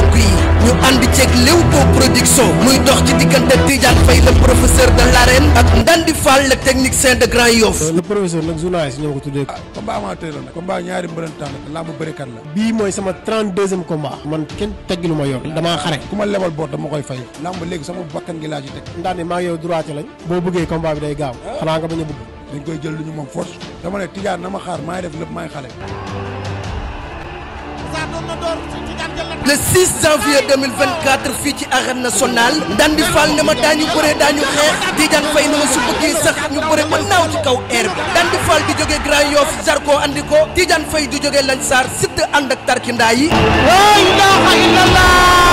mbokk yi ñu ànd ceeg Leewtoo production muy dox ci diggante Tidiane Faye le professeur de euh, ko tuddee. ah combat amateur la nag. combat ñaari mbërëntaan la làmb bërikat la. bii mooy sama trente deuxième combat. man kenn teggi lu ma yor damaa xare. ku ma lebal boor dama koy fay. làmb léegi sama bakkan gi laa ci teg. Ndandi maa ngi yow droit lañ. boo bëggee combat bi day gaaw. Ah. xanaa nga bañ a bëgg. dañ koy jël lu ñu moom force. dama ne Tidiane na ma xaar maa def lépp maay xale. le 6 janvier 2024 fii ci arène nationale Ndandi Fall ne ma daañu bëree daañu xeex Tidiane Faye ne ma su bëggee sax ñu bëre ba naaw ci kaw air bi Ndandi Fall di jógee Grand Yoff Zarko andiko ko Tidiane Faye di jógee Lansar Siteu ànd ak tarkindaa yi. la ilaha illallah.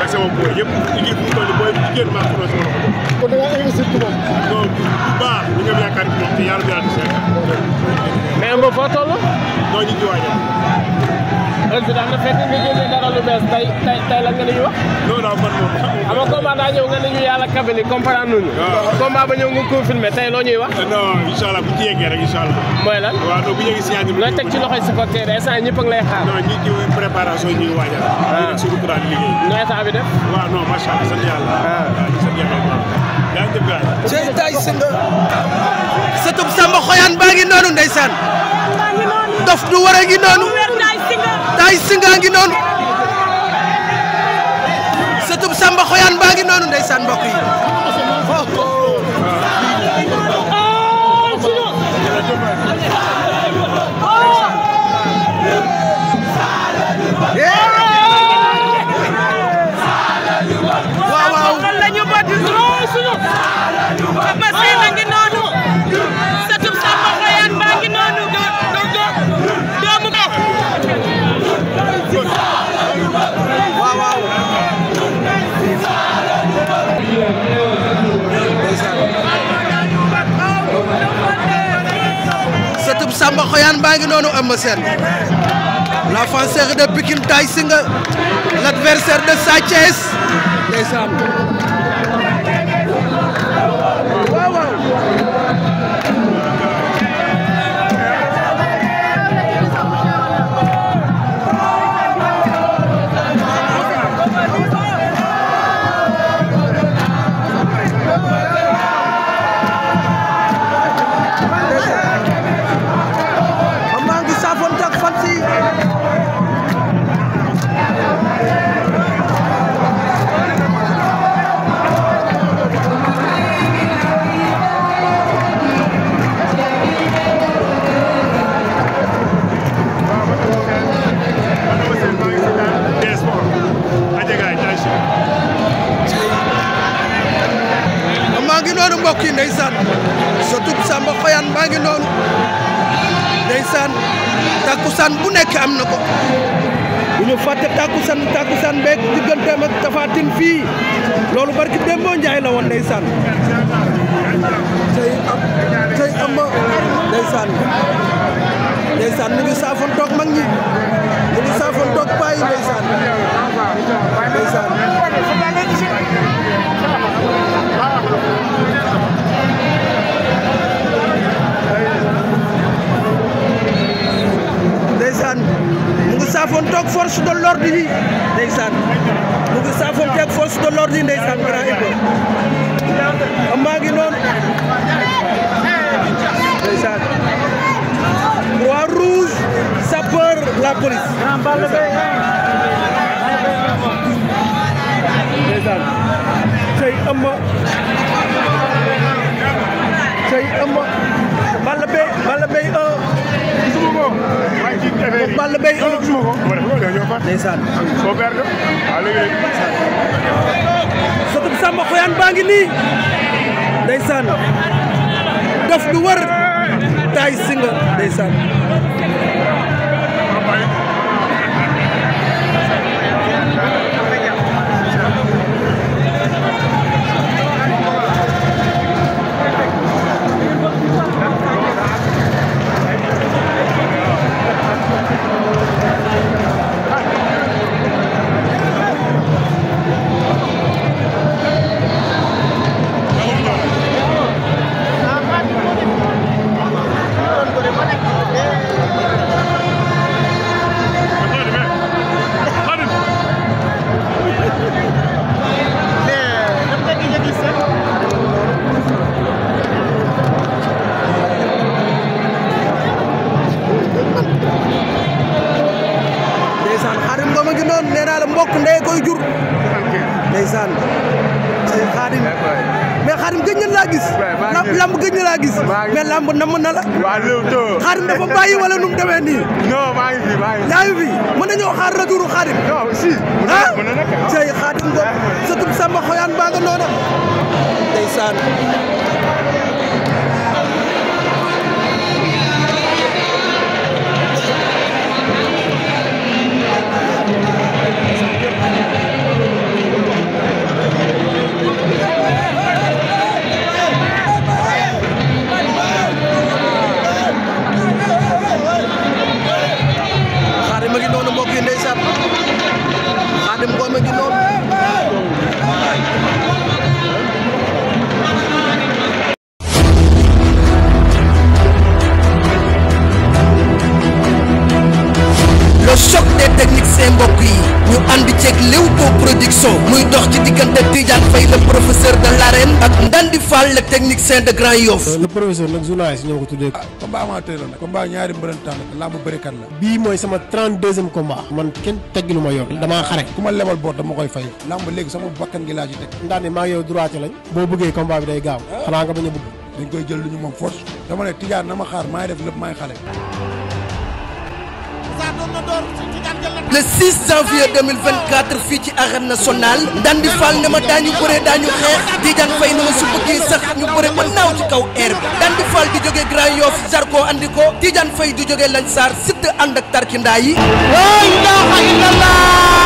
ak sama boy yëpp liggéey bu mu toll booy bu jigéen maa ko sama loxo. kon da ngaa investir ci moom. non bu baax ñu ngi am yaakaar ci moom te yàlla bi yàlla di seet. mais Mbow foo toll. noo ñu ci waajal. président na fekk nga jëlee dara lu bees tey tey tey lan nga ñuy wax. waaw man moom. xam nga combat daa ñëw nga ne ñu yàlla kabali comprendre nañu. waaw combat ba ñëw nga confirmé tey loo ñuy wax. non incha bu ci yeggee rek incha mooy lan waaw donc bu ñu yeggee si yaatu. looy teg ci a ngi lay xaar. non ñi ci préparation ah. ah. ngi jëm gaal. Cheikh dof du war a ngi ngi noonu. Samba Xoyaan baa ngi noonu ndeysaan mbokk yi Ngoyane baa ngi noonu Eumeu Sène l'avancée de Pikine si nga l'adversaire de Sa Thiès ndeysaan noonu mbokk yi ndeysaan surtout Samba Xoyaan baa ngi noonu ndeysaan takkusaan bu nekk am na ko bu ñu fàtte takkusaan takkusaan beeg digganteem ak Tapha fii loolu barki Demba Ndiaye la woon ndeysaan tey am tey am ma ndeysaan ndeysaan ñu ngi saafoon toog mag ñi ndeysaan ndeysaan force de l'ordre yi ndeysaan mu ngi saafonte ak force de l'ordre yi ndeysaan grand Ibou maa ngi noonu ndeysaan croix rouge sapeur la police ndeysaan tey ëmma tey ëmma Balla Gaye Balla Gaye 1 gisuma ko Balla Gaye 1 Ndiofane. soo perte waaw léegi sotub baa ngi nii ndeysaan daf du wër taay si nga ndeysaan xaadim mais xaadim gëj na laa gis lamb gëj na laa gis mais lamb namm na la waa dafa bàyyi wala nu mu nii non fi maa ngi fi xaar retouru xaadim non si ah, ah. sa tub sama xoyaan baa nga noona ndeysaan Sow muy dox ci diggante Tidiane Faye le professeur de l'arène ak Ndandi Fall le technicien de Grand Yoff. le professeur nag journaliste ñoo ko tuddee. ah combat amateur la nag. combat ñaari mbërëntaan la lamb bërikat la. bii mooy sama trente deuxième combat. man kenn teggi lu ma yor damaa xare. ku ma lebal boot dama koy fay. lamb léegi sama bakkan gi laa ci teg. Ndandi maa ngi yow droit lañ. boo bëggee combat bi day gaaw. xanaa nga bañ a bëgg. dañ koy jël lu ñu moom force. dama ne Tidiane na ma xaar maa def lépp maa xale. le 6 janvier 2024 fii ci arène nationale Dandi Fall ne ma daañu bëree daañu xeex Tidiane Faye ne ma su bëggee sax ñu bëree ba naaw ci kaw air bi Dandi Fall di jógee Grand Yoff Zarko andi ko Tidiane Faye di jógee Lansar Siteu ànd ak tarkindaa yi. la ilaha illallah.